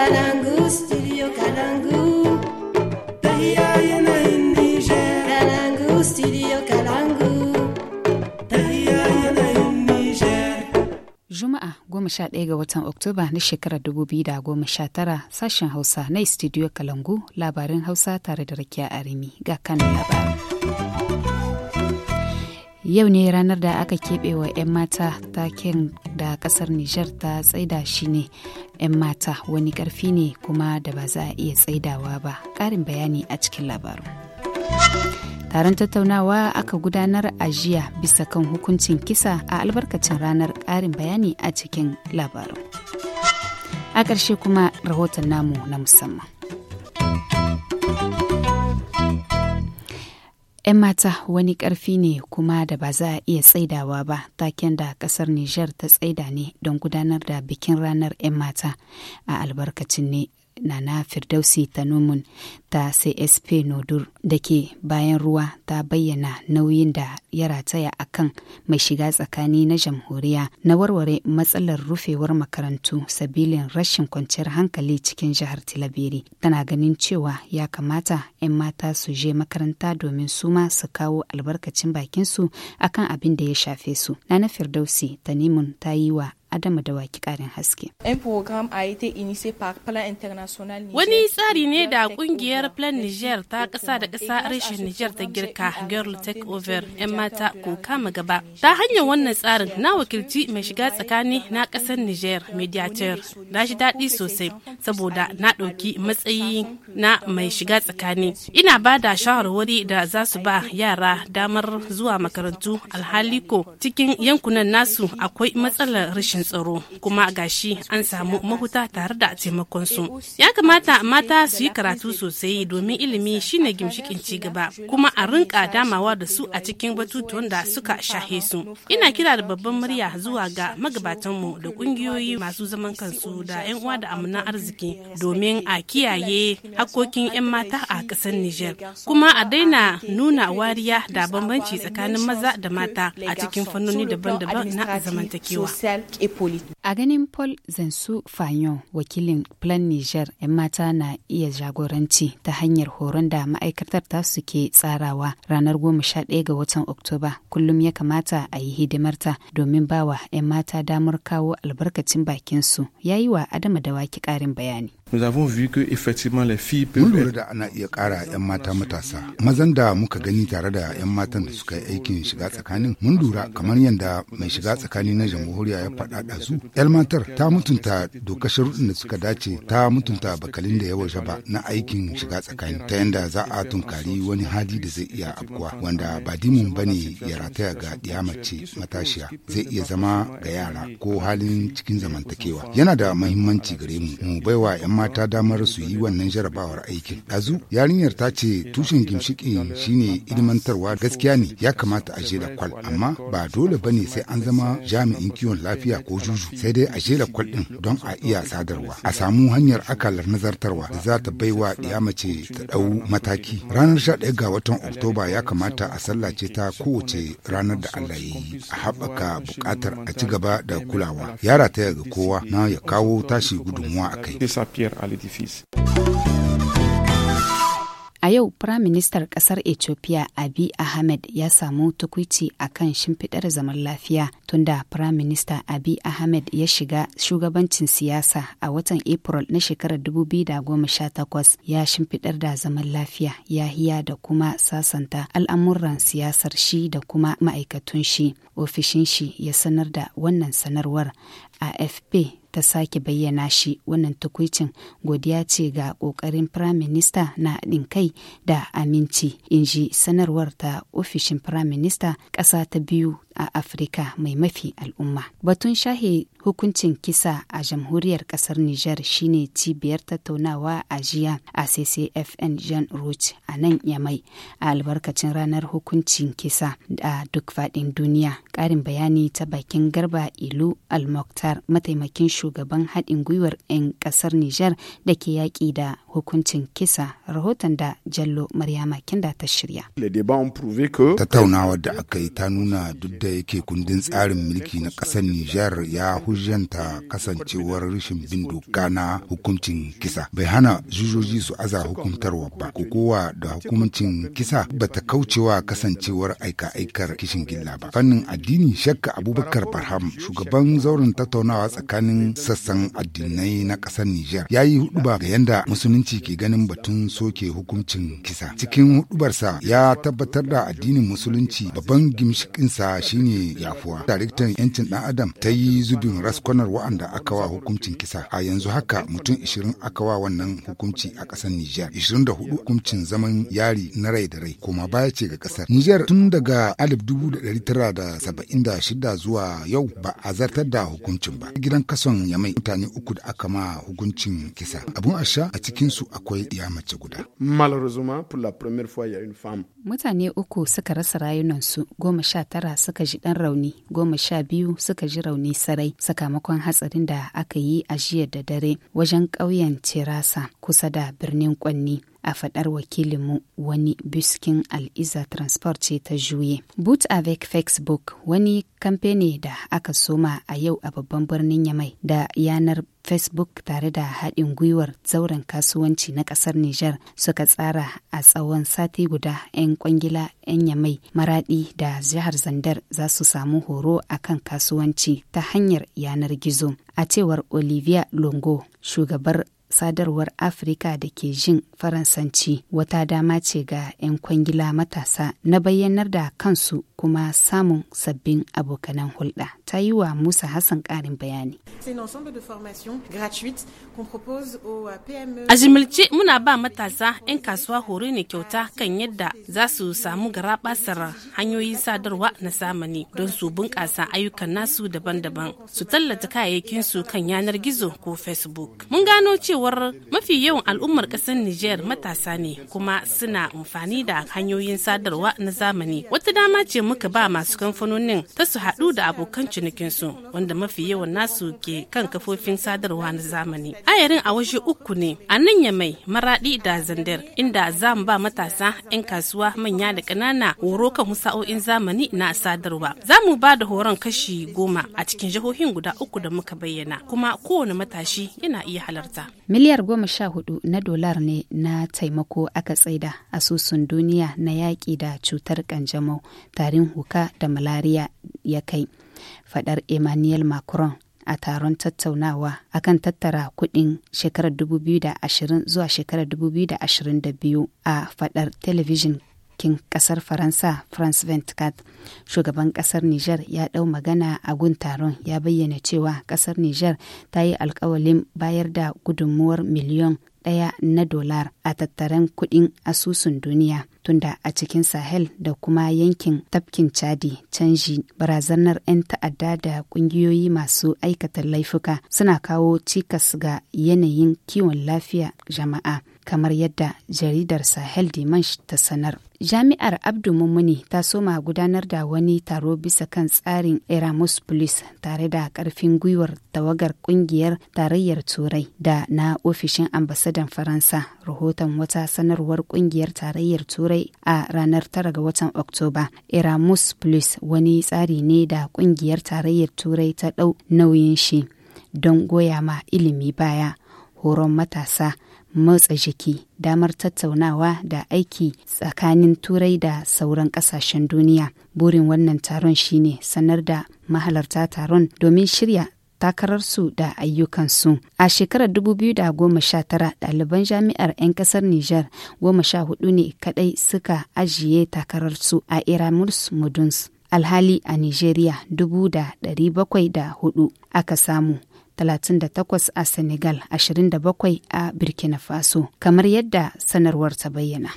Kalangu, Juma'a goma sha ɗaya ga watan Oktoba na shekarar dubu biyu da goma sha tara sashen Hausa na studio Kalangu labarin Hausa tare da Rakiya Arimi ga kan labarin. yau ne ranar da aka keɓe wa 'yan mata ta taken da ƙasar nijar ta tsaida shi ne 'yan mata wani ƙarfi ne kuma da ba za a iya tsaidawa ba ƙarin bayani a cikin labaru? taron tattaunawa aka gudanar a jiya bisa kan hukuncin kisa a albarkacin ranar ƙarin bayani a cikin labaru? a ƙarshe kuma rahoton namu na musamman 'Yan mata wani ƙarfi ne kuma da ba za a iya tsaidawa ba taken da ƙasar Nijar ta tsaida ne don gudanar da bikin ranar 'yan mata a albarkacin ne Nana Firdausi tanimun ta CSP Nodur da ke bayan ruwa ta bayyana nauyin da ya rataya a kan mai shiga tsakani na jamhuriya na warware matsalar rufewar makarantu sabilin rashin kwanciyar hankali cikin jihar Tilabiri. Tana ganin cewa ya kamata 'yan mata su je makaranta domin su ma su kawo albarkacin bakinsu akan abin da ya shafe su. Nana Firdausi Tanimun ta yi wa Adama da waki ƙarin haske. Wani tsari ne da kungiyar Plan Niger ta kasa da kasa reshen Niger ta girka Girl Take Over 'yan mata ko kama gaba. Ta hanyar wannan tsarin na wakilci mai shiga tsakani na ƙasar Niger Mediator. Na shi daɗi sosai saboda na ɗauki matsayi na mai shiga tsakani. Ina ba da shawarwari da za su ba yara damar zuwa makarantu alhali ko cikin yankunan nasu akwai matsalar rashin rashin tsaro kuma gashi an samu mahuta tare da taimakon su ya kamata mata su yi karatu sosai domin ilimi shine gimshikin ci gaba kuma a rinka damawa da su a cikin batutuwan da suka shahe su ina kira da babban murya zuwa ga magabatan mu da kungiyoyi masu zaman kansu da 'yan uwa da amina arziki domin a kiyaye hakokin 'yan mata a ƙasar niger kuma a daina nuna wariya da bambanci tsakanin maza da mata a cikin fannoni daban-daban na zamantakewa. politique. A ganin Paul Zansu fayon wakilin Plan Niger 'yan mata na iya jagoranci ta hanyar horon da ma'aikatar ta suke tsarawa ranar 11 ga watan Oktoba kullum ya kamata a yi hidimarta domin bawa 'yan mata damar kawo albarkacin bakinsu ya yi wa Adama da Dawaki ƙarin bayani. nous avons vu que effectivement les filles peuvent lura da ana iya kara yan mata matasa mazan da muka gani tare da yan matan da suka yi aikin shiga tsakanin mun lura kamar yadda mai shiga tsakani na jamhuriya ya faɗa da su yan matar ta mutunta dokar sharuɗin da suka dace ta mutunta bakalin da ya waje ba na aikin shiga tsakani ta yadda za a tunkari wani hali da zai iya afkuwa wanda ba dimun bane ya rataya ga mace matashiya zai iya zama ga yara ko halin cikin zamantakewa yana da muhimmanci gare mu mu baiwa yan mata damar su yi wannan jarabawar aikin ɗazu yarinyar ta ce tushen ginshikin shine ilmantarwa gaskiya ne ya kamata a jela kwal amma ba dole ba ne sai an zama jami'in kiwon lafiya ko juju sai dai a jela kwal ɗin don a iya sadarwa a samu hanyar akalar nazartarwa da za ta baiwa ɗiya mace ta ɗau mataki ranar 11 ga watan oktoba ya kamata a sallace ta kowace ranar da allah ya yi a haɓaka bukatar a ci gaba da kulawa yara ta ga kowa na ya kawo tashi gudunmuwa a kai a Litifis. A yau, Firaministan kasar Ethiopia Abiy Ahmed ya samu tukwici a kan shimfiɗar zaman lafiya tunda Firaminista Abiy Ahmed ya shiga shugabancin siyasa a watan April na shekarar 2018 ya shimfiɗar da zaman lafiya ya hiya da kuma sasanta al'amuran siyasar shi da kuma ma'aikatun shi. Ofishin shi ya sanar da wannan sanarwar a AFP ta sake bayyana shi wannan takwicin godiya ce ga ƙoƙarin firaminista na haɗin kai da aminci in ji sanarwar ta ofishin firaminista ƙasa ta biyu a afirka mai mafi al'umma batun shahe hukuncin kisa a jamhuriyar ƙasar niger shine cibiyar tattaunawa a jiya a ccfn jean roch a nan yamai a albarkacin ranar hukuncin kisa a duk faɗin duniya ƙarin bayani ta bakin garba ilu al-moktar mataimakin shugaban haɗin gwiwar 'yan ƙasar Nijar da ke yaƙi da hukuncin kisa rahoton da jallo maryama kinda ta shirya tattaunawa da aka yi ta nuna duk da yake kundin tsarin mulki na ƙasar nijar ya hujjanta kasancewar rashin bin doka na hukuncin kisa bai hana jujoji su aza hukuntarwa ba kowa da hukuncin kisa ba ta kaucewa kasancewar aika-aikar kishin gilla ba fannin addini shakka abubakar barham shugaban zauren tattaunawa tsakanin sassan addinai na ƙasar nijar ya yi hudu ga yanda musulmi musulunci ke ganin batun soke hukuncin kisa. Cikin hudubarsa ya tabbatar da addinin musulunci babban gimshikinsa shine yafuwa. Daraktan yancin dan Adam ta yi zubin raskonar wa'anda aka wa hukuncin kisa. A yanzu haka mutum 20 aka wa wannan hukunci a kasar Nijar. 24 hukuncin zaman yari na rai da rai kuma baya ce ga kasar. Nijar tun daga alif 1976 zuwa yau ba a zartar da hukuncin ba. Gidan kason yamai mai mutane uku da aka ma hukuncin kisa. Abun asha a cikin su akwai ɗiya mace guda. pour la première Mutane uku suka rasa rayunansu, goma sha tara suka ji ɗan rauni, goma sha biyu suka ji rauni sarai sakamakon hatsarin da aka yi a jiya da dare wajen ƙauyen Cerasa kusa da birnin Kwanni. a faɗar wakilinmu wani biskin al'iza transport ce ta juye. Boot avec Facebook wani kamfani da aka soma a yau a babban birnin Yamai da yanar Facebook tare da haɗin gwiwar zauren kasuwanci na ƙasar Nijar suka tsara a tsawon sati guda 'yan kwangila 'yan yamai maraɗi da jihar Zandar za su samu horo a kan kasuwanci ta hanyar yanar gizo. A cewar Olivia Longo, shugabar sadarwar Afirka da ke jin Faransanci wata dama ce ga 'yan kwangila matasa na bayyanar da kansu kuma samun sabbin abokanan hulɗa ta yi wa musa hassan ƙarin bayani euh, e. a jimilce muna ba matasa 'yan kasuwa horo ne kyauta kan yadda za su samu garabasar hanyoyin sadarwa na zamani don su bunƙasa ayyukan nasu daban-daban su tallata kayayyakin su kan yanar gizo ko facebook mun gano cewar mafi yawan al'ummar ƙasar niger matasa ne kuma suna amfani da hanyoyin sadarwa na zamani wata dama ce muka ba masu kamfanonin ta su haɗu da abokan cinikinsu wanda mafi yawan nasu ke kan kafofin sadarwa na zamani. Ayarin a waje uku ne a nan ya mai maraɗi da zandar inda za mu ba matasa 'yan kasuwa manya da ƙanana horo kan husa'o'in zamani na sadarwa. Za mu ba da horon kashi goma a cikin jihohin guda uku da muka bayyana kuma kowane matashi yana iya halarta. Miliyar goma sha hudu na dolar ne na taimako aka tsaida asusun duniya na yaƙi da cutar ƙanjamau tare yayin huka da malaria ya kai fadar emmanuel macron a taron tattaunawa akan tattara kudin shekarar 2020 zuwa shekarar 2022 a fadar telebijin kin kasar faransa france ventcat shugaban kasar niger ya dau magana a gun taron ya bayyana cewa kasar niger ta yi alkawalin bayar da gudunmuwar miliyan daya na dolar a tattaren kuɗin asusun duniya tunda a cikin sahel da kuma yankin tafkin chadi canji barazanar 'yan ta'adda da ƙungiyoyi masu aikata laifuka suna kawo cikas ga yanayin kiwon lafiya jama'a kamar yadda jaridar Sahel Dimanche ta sanar. Jami'ar Abdu Mummuni ta soma gudanar da wani taro bisa kan tsarin eramus Plus tare da karfin gwiwar tawagar kungiyar tarayyar Turai da na ofishin ambasadan Faransa rahoton wata sanarwar kungiyar tarayyar Turai a ranar 9 ga watan Oktoba. eramus Plus wani tsari ne da kungiyar tarayyar Turai ta dau nauyin shi don goya ma ilimi baya horon matasa motsa jiki damar tattaunawa da aiki tsakanin turai da sauran kasashen duniya burin wannan taron shine sanar da mahalarta taron domin shirya takararsu da ayyukansu. A shekarar 2019 ɗaliban jami'ar 'yan ƙasar Nijar goma sha hudu ne kadai suka ajiye takararsu a Iramus Muduns. Alhali a Nijeriya dubu da ɗari bakwai da hudu aka samu 38 a Senegal, 27 a Burkina Faso, kamar yadda sanarwar ta bayyana.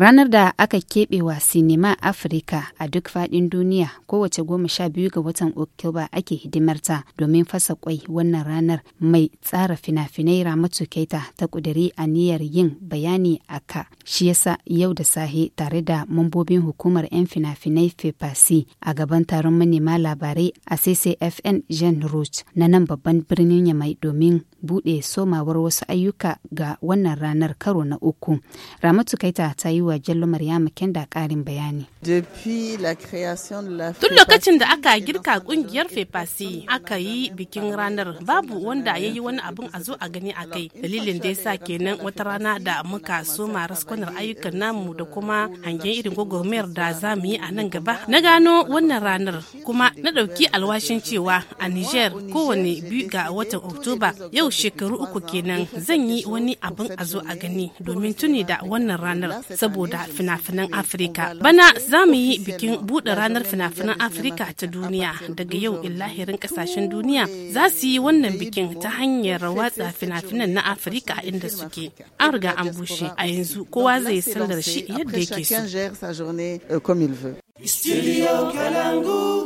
Ranar da aka keɓe wa sinima Afirka a duk faɗin duniya kowace goma sha biyu ga watan Oktoba ake hidimarta domin fasa kwai wannan ranar mai tsara fina-finai Ramatu Keita ta ƙudiri aniyar yin bayani a ka. Shi yasa yau da sahe tare da mambobin hukumar 'yan fina-finai FEPASI a gaban taron manema labarai a CCFN Jean Roach na nan babban birnin Yamai domin buɗe somawar wasu ayyuka ga wannan ranar karo na uku. Ramatu Kaita ta yi wa Jallo Maryama Kenda ƙarin bayani. Tun lokacin da aka girka ƙungiyar Fefasi aka yi bikin ranar babu wanda ya yi wani abin a zo a gani a kai. Dalilin da sa kenan wata rana da muka soma raskonar ayyukan namu da kuma hangen irin gwagwarmayar da za mu yi a nan gaba. Na gano wannan ranar kuma na ɗauki alwashin cewa a Niger kowane biyu ga watan Oktoba yau shekaru uku kenan zan yi wani abin a zo a gani domin tuni da wannan ranar saboda fina-finan Afirka. Bana za mu yi bikin buɗe ranar fina-finan Afirka ta duniya daga yau illahirin ƙasashen duniya za su yi wannan bikin ta hanyar watsa fina-finan na Afirka a inda suke. An riga an bushe a yanzu kowa zai sallar shi yadda yake so.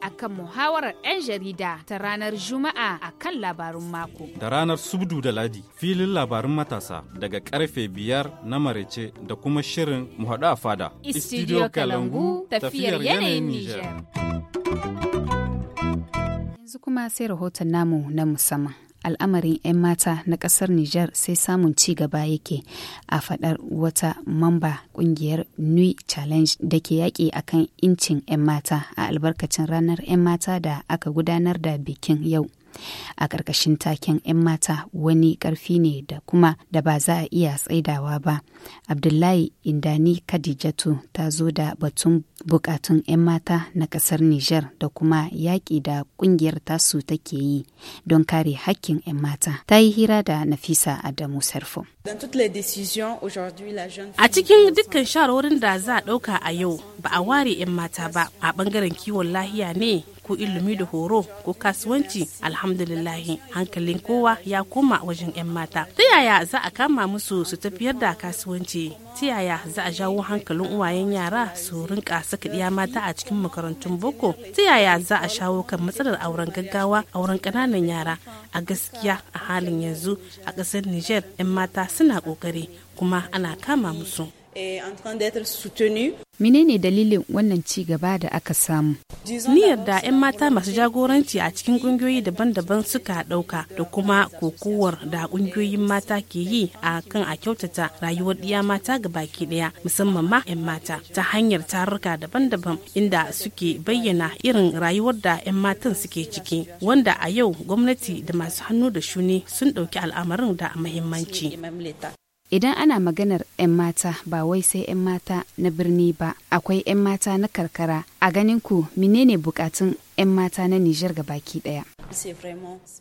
akan muhawarar 'yan jarida ta ranar Juma'a akan labarun mako. Da ranar Subdu da Ladi filin labarun matasa daga karfe biyar na marece da kuma shirin haɗu a fada. Istidiyo Kalangu tafiyar yanayin Nijar. Yanzu kuma sai rahoton namu na musamman. al'amarin 'yan mata na ƙasar Nijar sai samun ci gaba yake a faɗar wata mamba ƙungiyar new Challenge da ke yaƙi akan incin 'yan mata a albarkacin ranar 'yan mata da aka gudanar da bikin yau. a ƙarƙashin taken 'yan mata wani ƙarfi ne da kuma da ba za a iya tsaidawa ba abdullahi indani kadijatu ta zo da batun bukatun 'yan mata na ƙasar niger da kuma yaƙi da ƙungiyar tasu take yi don kare hakkin 'yan mata ta yi hira da nafisa adamu sarfo a cikin dukkan shawarwarin da za a ɗauka a yau ba a ware 'yan mata ba a bangaren kiwon lahiya ne ko ilimi da horo ko kasuwanci alhamdulillahi hankalin kowa ya koma wajen 'yan mata ta yaya za a kama musu su tafiyar da kasuwanci ta yaya za a jawo hankalin uwayen yara su rinka saka ɗiya mata a cikin makarantun boko ta yaya za a shawo kan matsalar auren gaggawa auren ƙananan yara a gaskiya a halin yanzu a ƙasar niger 'yan mata suna ƙoƙari kuma ana kama musu en train Menene dalilin wannan ci gaba da aka samu? Niyyar da 'yan mata masu jagoranci a cikin kungiyoyi daban-daban suka ɗauka da kuma kokowar da kungiyoyin mata ke yi a kan a kyautata rayuwar ɗiya mata ga baki ɗaya musamman ma 'yan mata ta hanyar tarurka daban-daban inda suke bayyana irin rayuwar da 'yan matan suke ciki wanda a yau gwamnati da masu hannu da shuni sun ɗauki al'amarin da muhimmanci. Idan ana maganar 'yan mata ba wai sai 'yan mata na birni ba, akwai 'yan mata na karkara. A ganin ku menene bukatun 'yan mata na Nijar baki ɗaya?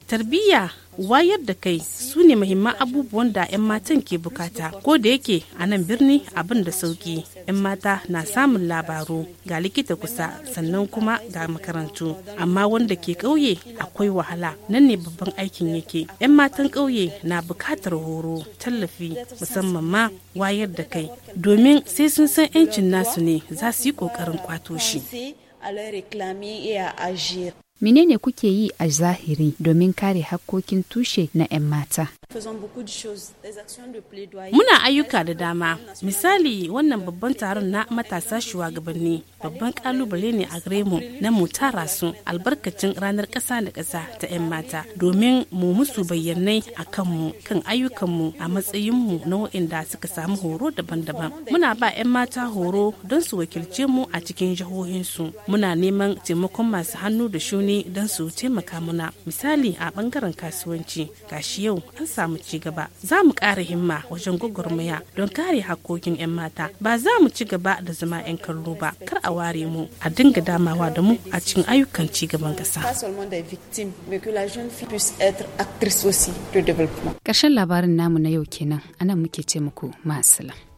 Tarbiyya wayar da kai su ne muhimman abubuwan da 'yan matan ke bukata ko da yake a nan birni abin da sauki 'yan mata na samun labaru ga likita kusa sannan kuma ga makarantu amma wanda ke ƙauye akwai wahala nan ne babban aikin yake 'yan matan ƙauye na bukatar horo tallafi musamman ma wayar da kai domin sai sun san 'yancin nasu ne za su yi ƙoƙarin kwato shi. Menene kuke yi a zahiri domin kare hakkokin tushe na 'yan mata? Muna ayyuka da dama. Misali wannan babban taron na matasa shugabanni babban kalubale ne a gare mu na mu tara su albarkacin ranar ƙasa da ƙasa ta 'yan mata domin mu musu bayyanai a kanmu kan ayyukanmu a matsayinmu na waɗanda suka samu horo daban-daban. Muna ba 'yan mata horo don su wakilce mu a cikin jihohinsu. Muna neman taimakon masu hannu da shuni don su taimaka muna. Misali a ɓangaren kasuwanci. Gashi yau an samu ci gaba za mu ƙara himma wajen gwagwarmaya don kare hakokin 'yan mata ba za mu ci gaba da zama 'yan kallo ba kar a ware mu a dinga damawa da mu a cikin ayyukan ci gaban ƙasa. Ƙarshen labarin namu na yau kenan anan muke ce muku ma'asala.